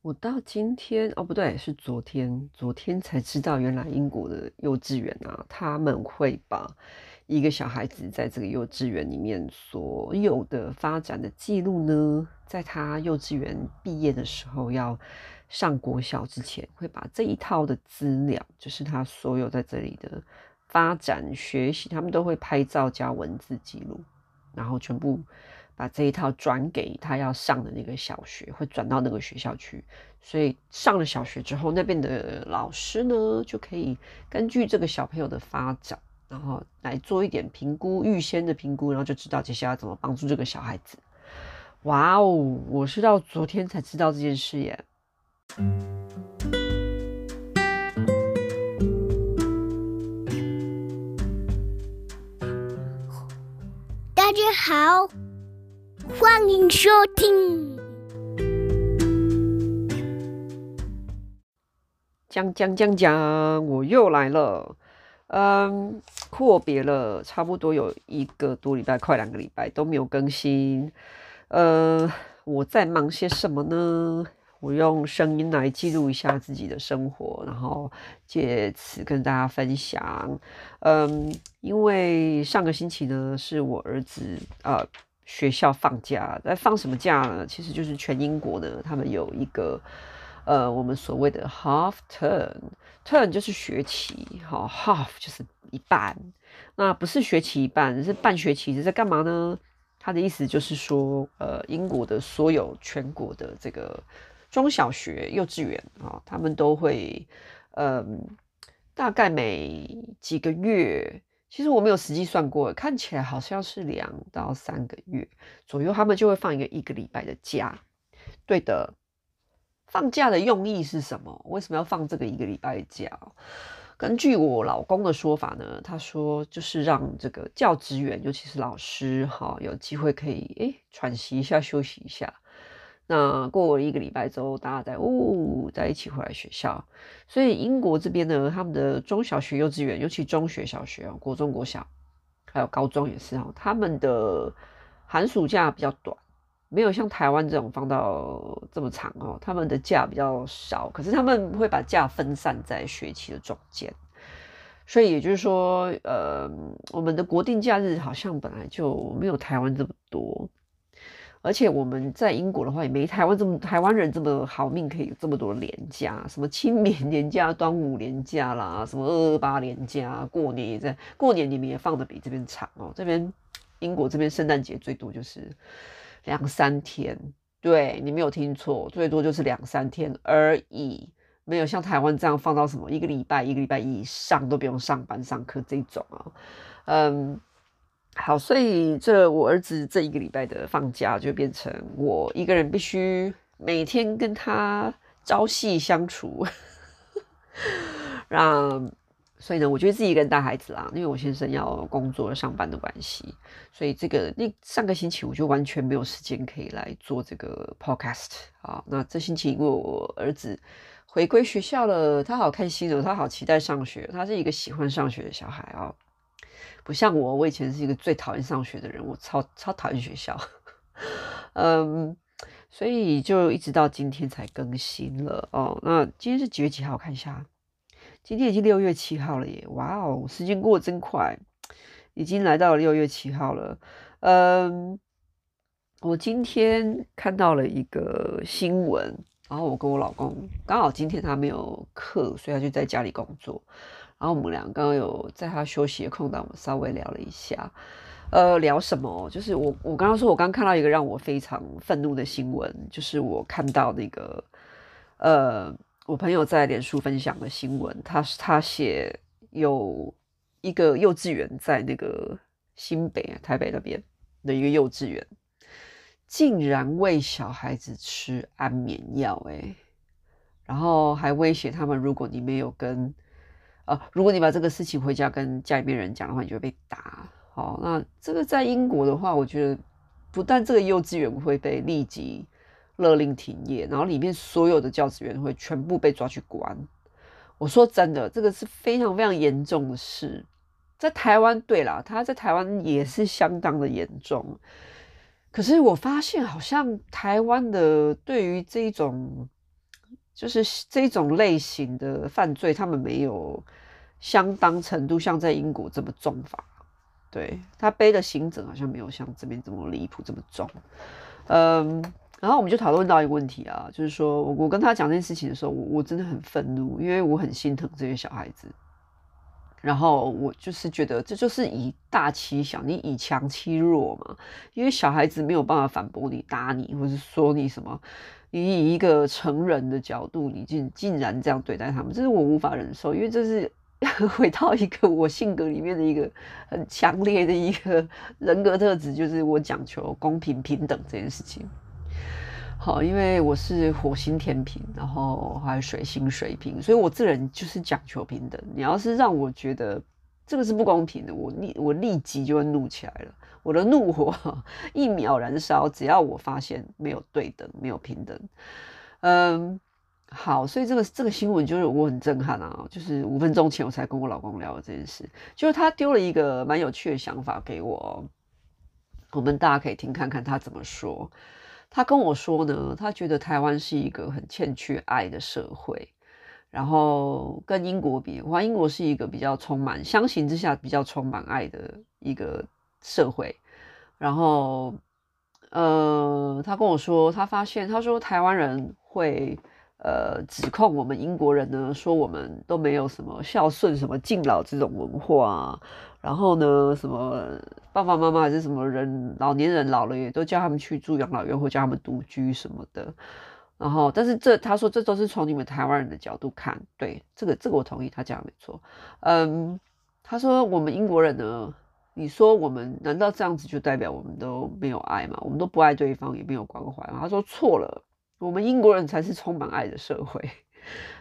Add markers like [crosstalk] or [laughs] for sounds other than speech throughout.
我到今天哦，不對，是昨天，昨天才知道，原來英國的幼稚園啊，他們會把一個小孩子在這個幼稚園裡面所有的發展的記錄呢，在他幼稚園畢業的時候，要上國小之前，會把這一套的資料，就是他所有在這裡的發展學習，他們都會拍照加文字記錄，然後全部。把這一套轉給他要上的那個小學，會轉到那個學校去。所以上了小學之後，那邊的老師呢，就可以根據這個小朋友的發展，然後來做一點評估，預先的評估，然後就知道接下來要怎麼幫助這個小孩子。哇哦，我是到昨天才知道這件事耶！大家好。歡迎收聽。講講講講，我又來了。嗯，闊別了差不多有一個多禮拜，快兩個禮拜都沒有更新。嗯、呃，我在忙些什麼呢？我用聲音來記錄一下自己的生活，然後借此跟大家分享。嗯，因為上個星期呢，是我兒子呃。啊學校放假，那放什麼假呢？其實就是全英國呢，他們有一個呃，我們所謂的 half term, term 就是學期，好、哦、，half 就是一半，那不是學期一半，是半學期是在幹嘛呢？他的意思就是說，呃，英國的所有全國的這個中小學、幼稚園啊、哦，他們都會，嗯、呃，大概每幾個月。其實我沒有實際算過，看起來好像是兩到三個月左右，他們就會放一個一個禮拜的假。對的，放假的用意是什麼？為什麼要放這個一個禮拜的假？根據我老公的說法呢，他說就是讓這個教職員，尤其是老師哈，有機會可以誒喘息一下，休息一下。那過了一個禮拜之後，大家再嗚，再一起回來學校。所以英國這邊呢，他們的中小學、幼稚園，尤其中學、小學、喔、國中、國小，還有高中也是哦、喔。他們的寒暑假比較短，沒有像台灣這種放到這麼長哦、喔。他們的假比較少，可是他們會把假分散在學期的中間。所以也就是說，呃，我們的國定假日好像本來就沒有台灣這麼多。而且我們在英國的話，也沒台灣這麼，台灣人這麼好命，可以這麼多連假，什麼清明連假、端午連假啦，什麼二二八連假，過年也在過年，你們也放得比這邊長喔。這邊英國這邊聖誕節最多就是兩三天，對，你沒有聽錯，最多就是兩三天而已，沒有像台灣這樣放到什麼一個禮拜、一個禮拜以上都不用上班上課這種啊，嗯。好，所以這我兒子這一個禮拜的放假就變成我一個人必須每天跟他朝夕相處 [laughs] 讓，讓所以呢，我覺得自己一個人帶孩子啦，因為我先生要工作上班的關係，所以這個，那上個星期我就完全沒有時間可以來做這個 Podcast。好，那這星期因為我兒子回歸學校了，他好開心哦、喔，他好期待上學，他是一個喜歡上學的小孩哦、喔。不像我，我以前是一個最討厭上學的人，我超超討厭學校， [laughs] 嗯，所以就一直到今天才更新了哦。那今天是幾月幾號？我看一下，今天已經六月七號了耶！哇哦，時間過得真快，已經來到了六月七號了。嗯，我今天看到了一個新聞，然後我跟我老公剛好今天他沒有課，所以他就在家裡工作。然後我們倆剛剛有在他休息的空檔，我們稍微聊了一下，呃，聊什麼？就是我，我剛剛說，我剛看到一個讓我非常憤怒的新聞，就是我看到那個，呃，我朋友在臉書分享的新聞。他是他寫有一個幼稚園在那個新北啊台北那邊的一個幼稚園，竟然餵小孩子吃安眠藥，欸，哎，然後還威脅他們，如果你沒有跟。啊、呃，如果你把這個事情回家跟家裡面人講的話，你就會被打。好，那這個在英國的話，我覺得不但這個幼稚園會被立即勒令停業，然後裡面所有的教職員會全部被抓去關。我說真的，這個是非常非常嚴重的事。在台灣，對啦，他在台灣也是相當的嚴重。可是我發現，好像台灣的對於這種。就是這種類型的犯罪，他們沒有相當程度像在英國這麼重罰。對，他背的刑責好像沒有像這邊這麼離譜這麼重。嗯，然後我們就討論到一個問題啊，就是說我跟他講這件事情的時候，我我真的很憤怒，因為我很心疼這些小孩子。然後我就是覺得這就是以大欺小，你以強欺弱嘛，因為小孩子沒有辦法反駁你、打你，或是說你什麼。你以一個成人的角度，你竟竟然這樣對待他們，這是我無法忍受。因為這是回到一個我性格裡面的一個很強烈的一個人格特質，就是我講求公平平等這件事情。好，因為我是火星天平，然後還有水星水瓶，所以我這人就是講求平等。你要是讓我覺得這個是不公平的，我立我立即就會怒起來了。我的怒火一秒燃燒，只要我發現沒有對等，沒有平等。嗯，好，所以這個這個新聞就是我很震撼啊！就是五分鐘前我才跟我老公聊的這件事，就是他丟了一個蠻有趣的想法給我。我們大家可以聽看看他怎麼說。他跟我說呢，他覺得台灣是一個很欠缺愛的社會，然後跟英國比，我感覺英國是一個比較充滿，相形之下比較充滿愛的一個社會，然後，呃，他跟我說，他發現，他說台灣人會，呃，指控我們英國人呢，說我們都沒有什麼孝順、什麼敬老這種文化啊。然後呢，什麼爸爸媽媽還是什麼人，老年人老了也都叫他們去住養老院，或叫他們獨居什麼的。然後，但是這他說這都是從你們台灣人的角度看，對這個這個我同意，他講的沒錯。嗯，他說我們英國人呢。你說我們難道這樣子就代表我們都沒有愛嗎？我們都不愛對方也沒有關懷嗎？他說錯了，我們英國人才是充滿愛的社會。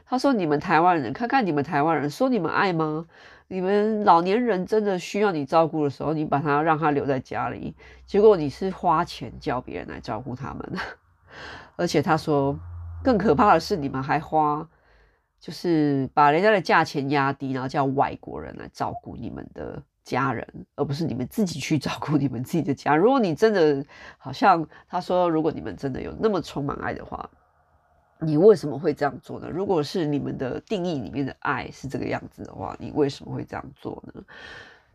他說你們台灣人看看你們台灣人，說你們愛嗎？你們老年人真的需要你照顧的時候，你把他讓他留在家裡，結果你是花錢叫別人來照顧他們。而且他說更可怕的是你們還花，就是把人家的價錢壓低，然後叫外國人來照顧你們的家人，而不是你們自己去照顧你們自己的家。如果你真的好像他說，如果你們真的有那麼充滿愛的話，你為什麼會這樣做呢？如果是你們的定義裡面的愛是這個樣子的話，你為什麼會這樣做呢？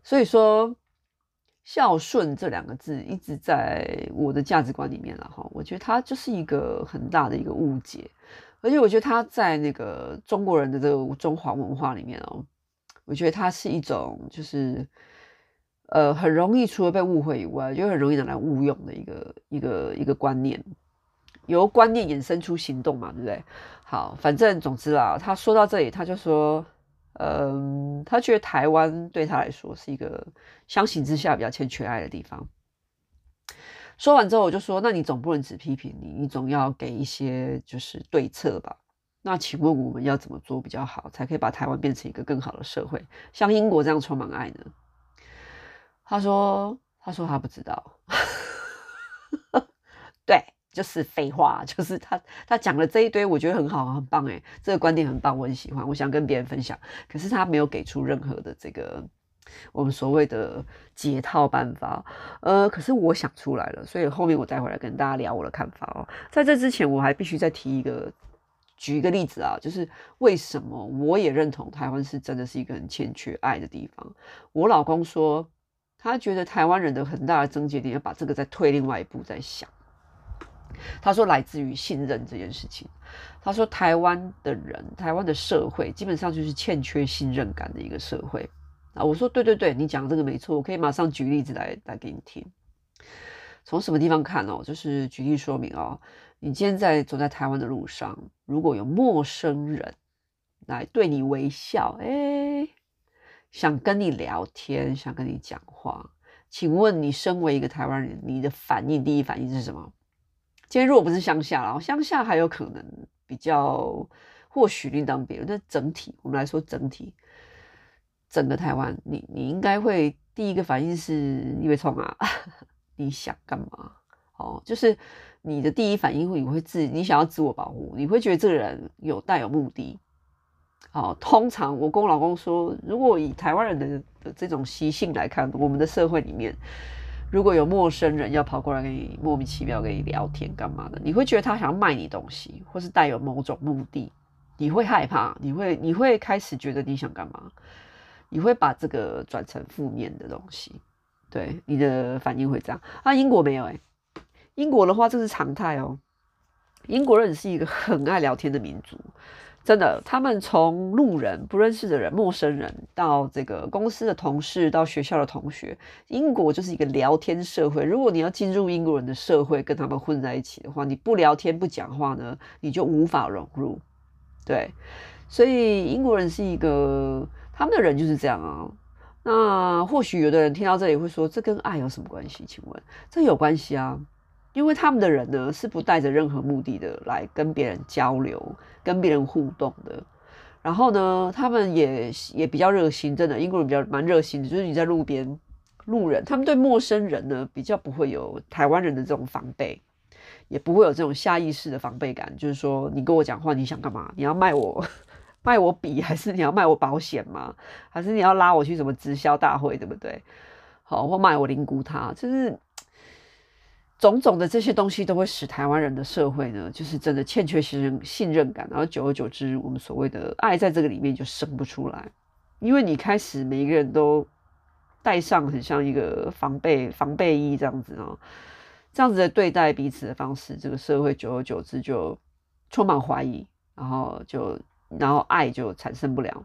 所以說，孝順這兩個字一直在我的價值觀裡面了哈。我覺得它就是一個很大的一個誤解，而且我覺得它在那個中國人的這個中華文化裡面哦。我覺得它是一種，就是，呃，很容易除了被誤會以外，就很容易拿來誤用的一個一個一個觀念，由觀念衍生出行動嘛，對不對？好，反正總之啦，他說到這裡，他就說，嗯、呃，他覺得台灣對他來說是一個相形之下比較欠缺愛的地方。說完之後，我就說，那你總不能只批評你，你總要給一些就是對策吧。那請問我們要怎麼做比較好，才可以把台灣變成一個更好的社會，像英國這樣充滿愛呢？他說：“他說他不知道。 [laughs] ”對，就是廢話，就是他他講了這一堆，我覺得很好，很棒哎，這個觀點很棒，我很喜歡，我想跟別人分享。可是他沒有給出任何的這個我們所謂的解套辦法。呃，可是我想出來了，所以後面我帶回來跟大家聊我的看法哦、喔。在這之前，我還必須再提一個。舉一個例子啊，就是為什麼我也認同台灣是真的是一個很欠缺愛的地方。我老公說，他覺得台灣人的很大的症結點，要把這個再退另外一步再想。他說，來自於信任這件事情。他說台灣的人，台灣的社會基本上就是欠缺信任感的一個社會。啊，我說對對對，你講這個沒錯，我可以馬上舉例子來來給你聽。從什麼地方看哦？就是舉例說明哦。你今天在走在台灣的路上，如果有陌生人來對你微笑，哎、欸，想跟你聊天，想跟你講話，請問你身為一個台灣人，你的反應第一反應是什麼？今天如果不是鄉下了，鄉下還有可能比較或許另當別論，但整體我們來說整體整個台灣，你你應該會第一個反應是因為衝啊。 [laughs] 你想幹嘛？哦，就是你的第一反應會你會自你想要自我保護，你會覺得這個人有帶有目的。哦，通常我跟我老公說，如果以台灣人的的這種習性來看，我們的社會裡面，如果有陌生人要跑過來跟你莫名其妙跟你聊天幹嘛的，你會覺得他想要賣你東西，或是帶有某種目的，你會害怕，你會你會開始覺得你想幹嘛，你會把這個轉成負面的東西。對你的反應會這樣啊？英國沒有誒？英國的話這是常態哦。英國人是一個很愛聊天的民族，真的，他們從路人不認識的人、陌生人，到這個公司的同事，到學校的同學，英國就是一個聊天社會。如果你要進入英國人的社會，跟他們混在一起的話，你不聊天不講話呢，你就無法融入。對，所以英國人是一個，他們的人就是這樣啊。那或許有的人聽到這裡會說，這跟愛有什麼關係？請問，這有關係啊，因為他們的人呢是不帶着任何目的的來跟別人交流、跟別人互動的。然後呢，他們也也比較熱心，真的，英國人比較蠻熱心的。就是你在路邊路人，他們對陌生人呢比較不會有台灣人的這種防備，也不會有這種下意識的防備感，就是說你跟我講話，你想幹嘛？你要賣我？賣我筆，還是你要賣我保險嗎？還是你要拉我去什麼直銷大會，對不對？好，或賣我靈骨塔，它就是種種的這些東西都會使台灣人的社會呢，就是真的欠缺信任信任感。然後久而久之，我們所謂的愛在這個裡面就生不出來，因為你開始每一個人都戴上很像一個防備防備衣這樣子啊、喔，這樣子的對待彼此的方式，這個社會久而久之就充滿懷疑，然後就。然後愛就產生不了。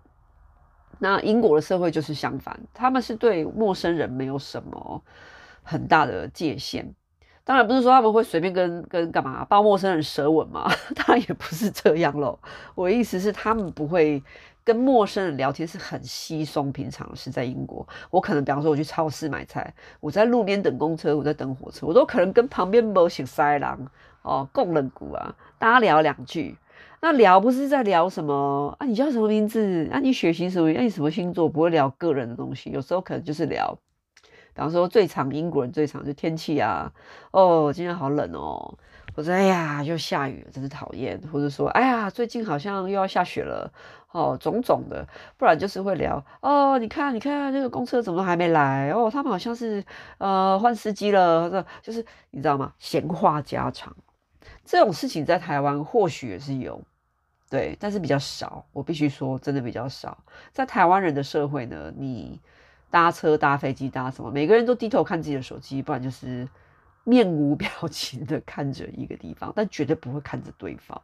那英國的社會就是相反，他們是對陌生人沒有什麼很大的界限。當然不是說他們會隨便跟跟幹嘛抱陌生人舌吻嘛，當然也不是這樣咯。我的意思是，他們不會跟陌生人聊天是很稀鬆平常，是在英國，我可能比方說我去超市買菜，我在路邊等公車，我在等火車，我都可能跟旁邊某熟悉的人哦，共兩句啊，大家聊兩句。那聊不是在聊什麼啊？你叫什麼名字？那、啊、你血型什麼？那、啊、你什麼星座？不會聊個人的東西，有時候可能就是聊，比方說最常英國人最常就天氣啊，哦，今天好冷哦、喔。我說哎呀，又下雨，真是討厭。或者說哎呀，最近好像又要下雪了，哦，種種的。不然就是會聊哦，你看你看那個公車怎麼都還沒來？哦，他們好像是呃換司機了，或者就是你知道嗎？閒話家常。這種事情在台灣或許也是有，對，但是比較少。我必須說，真的比較少。在台灣人的社會呢，你搭車、搭飛機、搭什麼，每個人都低頭看自己的手機，不然就是面無表情的看着一個地方，但絕對不會看着對方。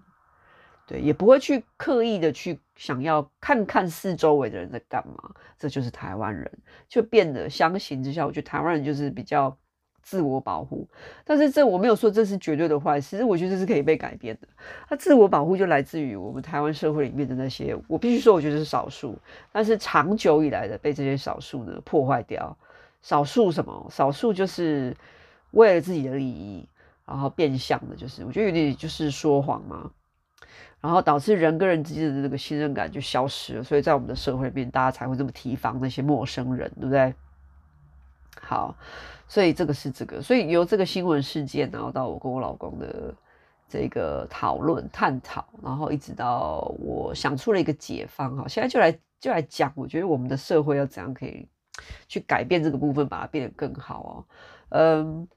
對，也不會去刻意的去想要看看四周圍的人在幹嘛。這就是台灣人，就變得相形之下，我覺得台灣人就是比較。自我保護，但是這我沒有說這是絕對的壞事。其實我覺得這是可以被改變的。它、啊、自我保護就來自於我們台灣社會裡面的那些，我必須說，我覺得是少數。但是長久以來的被這些少數呢破壞掉，少數什麼？少數就是為了自己的利益，然後變相的就是我覺得有點就是說謊嘛，然後導致人跟人之間的那個信任感就消失了。所以在我們的社會裡面，大家才會這麼提防那些陌生人，對不對？好，所以這個是這個，所以由這個新聞事件，然後到我跟我老公的這個討論、探討，然後一直到我想出了一個解方，哈，現在就來就來講，我覺得我們的社會要怎樣可以去改變這個部分，把它變得更好哦。嗯，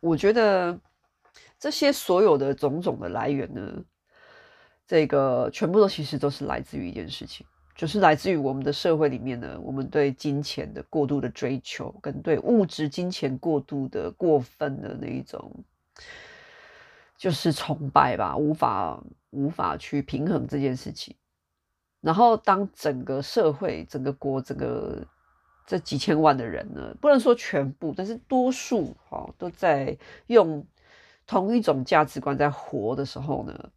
我覺得這些所有的種種的來源呢，這個全部都其實都是來自於一件事情。就是來自於我們的社會裡面呢，我們對金錢的過度的追求，跟對物質金錢過度的過分的那一種，就是崇拜吧，無法無法去平衡這件事情。然後，當整個社會、整個國、這個這幾千萬的人呢，不能說全部，但是多數哈、喔，都在用同一種價值觀在活的時候呢，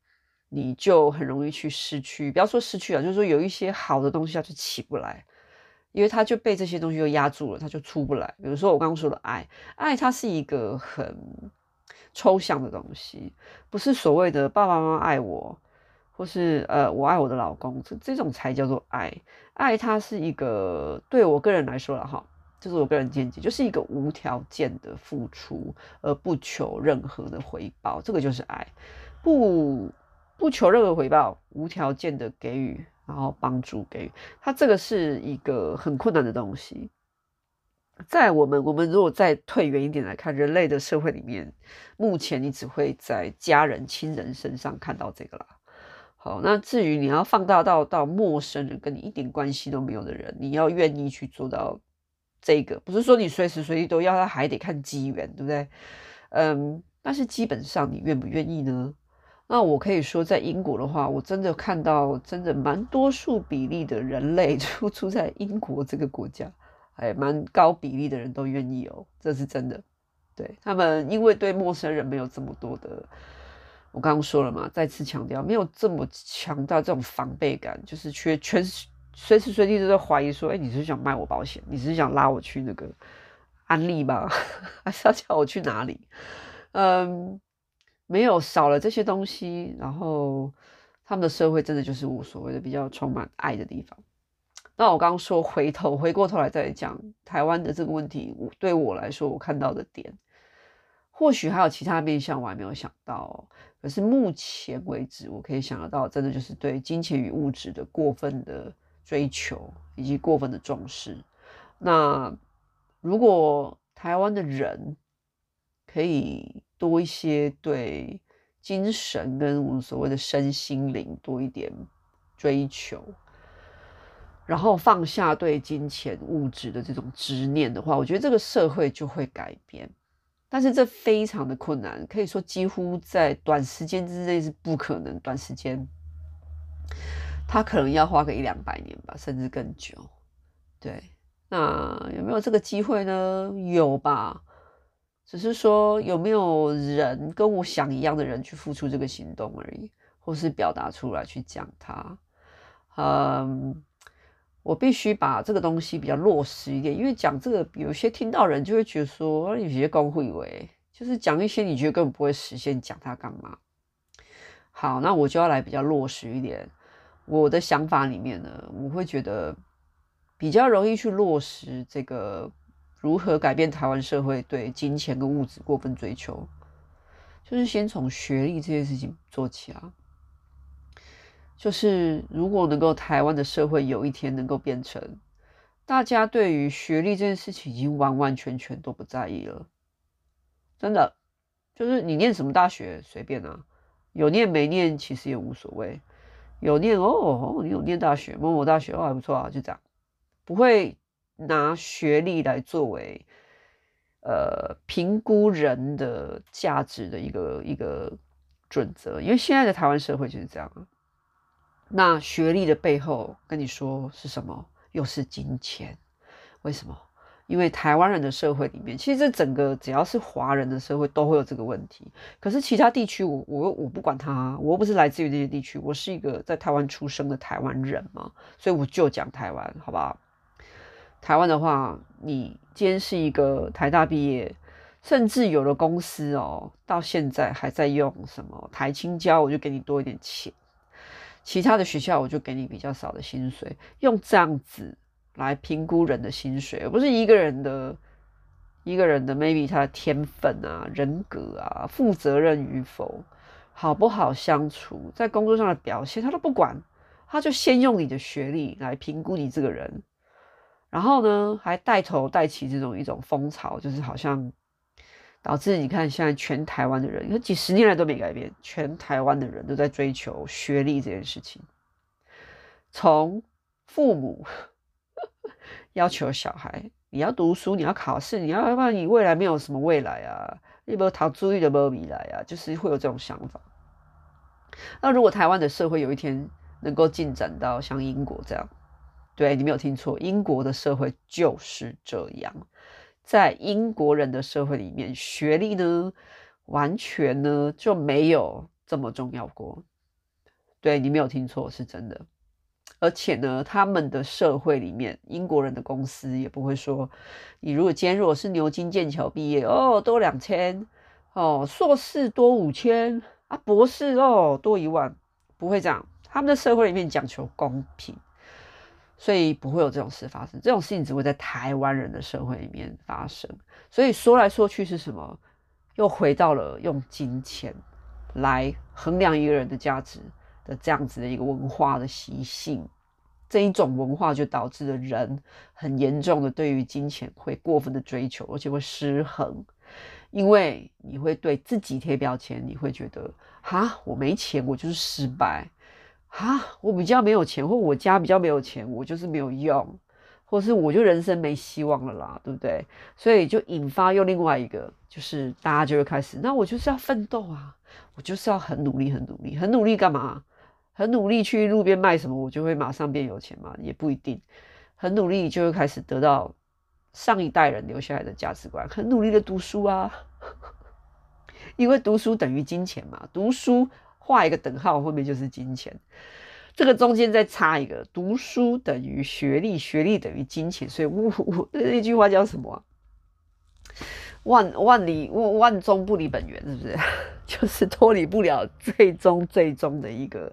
你就很容易去失去，不要說失去了，就是說有一些好的東西，它就起不來，因為它就被這些東西又壓住了，它就出不來。比如說我剛剛說的愛，愛它是一個很抽象的東西，不是所謂的爸爸媽媽愛我，或是呃我愛我的老公，這這種才叫做愛。愛它是一個對我個人來說了哈，就是我個人見解，就是一個無條件的付出而不求任何的回報，這個就是愛。不不求任何回報，無條件的給予，然後幫助給予他，它這個是一個很困難的東西。在我們我們如果再退遠一點來看，人類的社會裡面，目前你只會在家人、親人身上看到這個啦。好，那至於你要放大到到陌生人，跟你一點關係都沒有的人，你要願意去做到這個，不是說你隨時隨地都要，他還得看機緣，對不對？嗯，但是基本上你願不願意呢？那我可以說，在英國的話，我真的看到真的蠻多數比例的人類，出出在英國這個國家，還、哎、蠻高比例的人都願意哦，這是真的。對他們，因為對陌生人沒有這麼多的，我剛剛說了嘛，再次強調，沒有這麼強大這種防備感，就是缺全全隨時隨地都在懷疑說，哎、欸，你是想賣我保險？你是想拉我去那個安利嗎？還是要叫我去哪裡？嗯。沒有少了這些東西，然後他們的社會真的就是無所謂的，比較充滿愛的地方。那我剛剛說回頭，回過頭來再講台灣的這個問題，對我來說，我看到的點，或許還有其他面向我還沒有想到，可是目前為止我可以想得到，真的就是對金錢與物質的過分的追求以及過分的重視。那如果台灣的人可以。多一些對精神跟我們所謂的身心靈多一點追求，然後放下對金錢物質的這種執念的話，我覺得這個社會就會改變。但是這非常的困難，可以說幾乎在短時間之內是不可能。短時間，他可能要花個一兩百年吧，甚至更久。對，那有沒有這個機會呢？有吧。只是說有沒有人跟我想一樣的人去付出這個行動而已，或是表達出來去講它。嗯，我必須把這個東西比較落實一點，因為講這個有些聽到人就會覺得說有些空以為就是講一些你覺得根本不會實現，講它幹嘛？好，那我就要來比較落實一點。我的想法裡面呢，我會覺得比較容易去落實這個。如何改變台灣社會對金錢跟物質過分追求？就是先從學歷這件事情做起啊。就是如果能夠台灣的社會有一天能夠變成，大家對於學歷這件事情已經完完全全都不在意了，真的，就是你念什麼大學隨便啊，有念沒念其實也無所謂，有念哦，哦，你有念大學，某某大學哦還不錯啊，就這樣，不會。拿學歷來作為，呃，評估人的價值的一個一個準則，因為現在的台灣社會就是這樣。那學歷的背後，跟你說是什麼？又是金錢。為什麼？因為台灣人的社會裡面，其實這整個只要是華人的社會都會有這個問題。可是其他地區，我我我不管他，我又不是來自於這些地區，我是一個在台灣出生的台灣人嘛，所以我就講台灣，好不好？台灣的話，你今天是一個台大畢業，甚至有的公司哦，到現在還在用什麼台清交，我就給你多一點錢，其他的學校我就給你比較少的薪水，用這樣子來評估人的薪水，而不是一個人的一個人的 maybe 他的天分啊、人格啊、負責任與否、好不好相處，在工作上的表現，他都不管，他就先用你的學歷來評估你這個人。然後呢，還帶頭帶起這種一種風潮，就是好像導致你看現在全台灣的人，你看幾十年來都沒改變，全台灣的人都在追求學歷這件事情。從父母要求小孩，你要讀書，你要考試，你要不然你未來沒有什麼未來啊，你有沒有逃注意的媽未來啊？就是會有這種想法。那如果台灣的社會有一天能夠進展到像英國這樣。對，你沒有聽錯，英國的社會就是這樣，在英國人的社會裡面，學歷呢完全呢就沒有這麼重要過。對，你沒有聽錯，是真的。而且呢，他們的社會裡面，英國人的公司也不會說，你如果今天如果是牛津、劍橋畢業，哦，多兩千哦，碩士多五千啊，博士哦，多一萬，不會這樣。他們的社會裡面講求公平。所以不會有這種事發生，這種事情只會在台灣人的社會裡面發生。所以說來說去是什麼？又回到了用金錢來衡量一個人的價值的這樣子的一個文化的習性，這一種文化就導致了人很嚴重的對於金錢會過分的追求，而且會失衡，因為你會對自己貼標籤，你會覺得哈，我沒錢，我就是失敗。啊，我比較沒有錢，或我家比較沒有錢，我就是沒有用，或是我就人生沒希望了啦，對不對？所以就引發又另外一個，就是大家就會開始，那我就是要奮鬥啊，我就是要很努力、很努力、很努力幹嘛？很努力去路邊賣什麼，我就會馬上變有錢嘛？也不一定，很努力就會開始得到上一代人留下來的價值觀，很努力的讀書啊， [laughs] 因為讀書等於金錢嘛，讀書。畫一個等號，後面就是金錢。這個中間再插一個，讀書等於學歷，學歷等於金錢，所以嗚嗚，那、哦、句話叫什麼？萬萬裡萬萬中不離本源，是不是？就是脫離不了最終最終的一個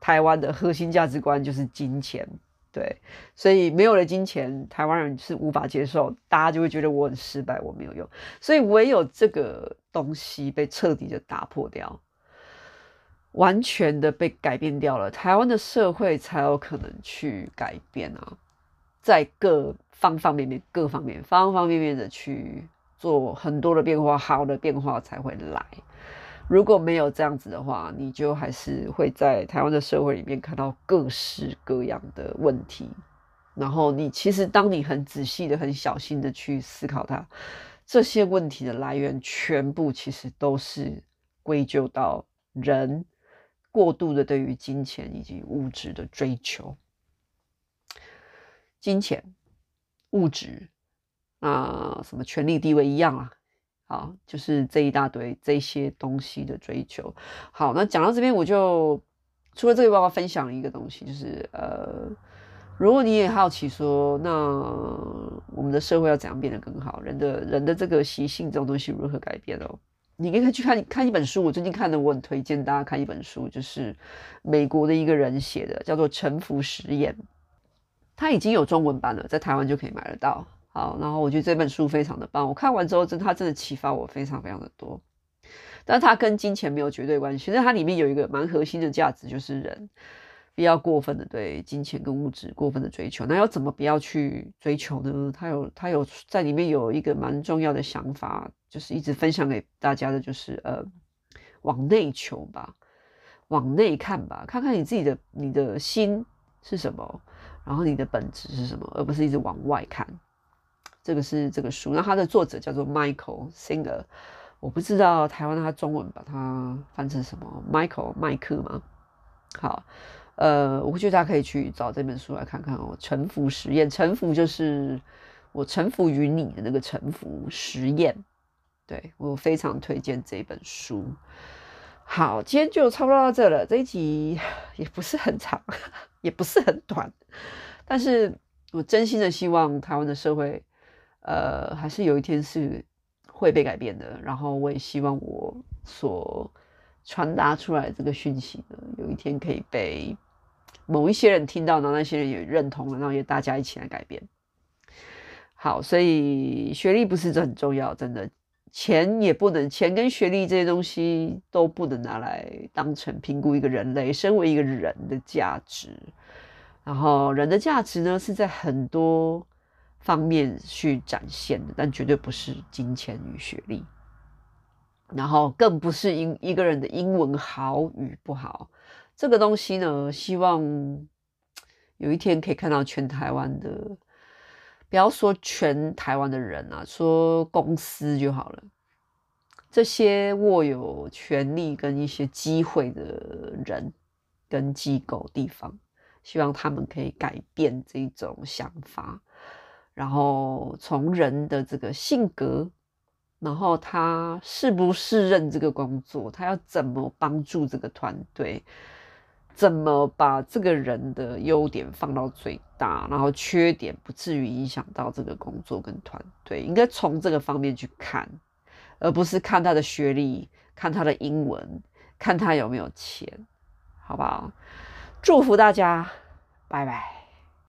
台灣的核心價值觀就是金錢，對。所以沒有了金錢，台灣人是無法接受，大家就會覺得我很失敗，我沒有用。所以唯有這個東西被徹底的打破掉。完全的被改變掉了，台灣的社會才有可能去改變啊，在各方方面面、各方面、方方面面的去做很多的變化，好的變化才會來。如果沒有這樣子的話，你就還是會在台灣的社會裡面看到各式各樣的問題。然後你其實當你很仔細的、很小心的去思考它，這些問題的來源全部其實都是歸咎到人，過度的對於金錢以及物質的追求，金錢、物質啊、呃，什麼權力、地位一樣啊，好，就是這一大堆這些東西的追求。好，那講到這邊，我就除了這個，我還要分享一個東西，就是呃，如果你也好奇說，那我們的社會要怎樣變得更好？人的人的這個習性這種東西如何改變哦？你可以去看看一本書，我最近看了，我很推薦大家看一本書，就是美國的一個人寫的，叫做《臣服實驗》。他已經有中文版了，在台灣就可以買得到。好，然後我覺得這本書非常的棒，我看完之後，真他真的啟發我非常非常的多。但它跟金錢沒有絕對關係，但它裡面有一個蠻核心的價值，就是人。不要過分的對金錢跟物質過分的追求，那要怎麼不要去追求呢？他有他有在裡面有一個蠻重要的想法，就是一直分享給大家的，就是呃，往內求吧，往內看吧，看看你自己的你的心是什麼，然後你的本質是什麼，而不是一直往外看。這個是這個書，那它的作者叫做 Michael Singer，我不知道台灣他中文把它翻成什麼，Michael 麥克嗎？好。呃，我覺得大家可以去找這本書來看看哦，《臣服實驗》。臣服就是我臣服於你的那個臣服實驗。對，我非常推薦這本書。好，今天就差不多到這了。這一集也不是很長，也不是很短，但是我真心的希望台灣的社會，呃，還是有一天是會被改變的。然後我也希望我所。傳達出來這個訊息呢，有一天可以被某一些人聽到，然後那些人也認同了，然後也大家一起來改變。好，所以學歷不是這很重要，真的，錢也不能，錢跟學歷這些東西都不能拿來當成評估一個人類，身為一個人的價值。然後人的價值呢，是在很多方面去展現的，但絕對不是金錢與學歷。然後更不是因一個人的英文好與不好，這個東西呢，希望有一天可以看到全台灣的，不要說全台灣的人啊，說公司就好了，這些握有權力、跟一些機會的人跟機構地方，希望他們可以改變這種想法，然後從人的這個性格。然後他是不是任這個工作？他要怎麼幫助這個團隊？怎麼把這個人的優點放到最大，然後缺點不至於影響到這個工作跟團隊？應該從這個方面去看，而不是看他的學歷、看他的英文、看他有沒有錢，好不好？祝福大家，拜拜。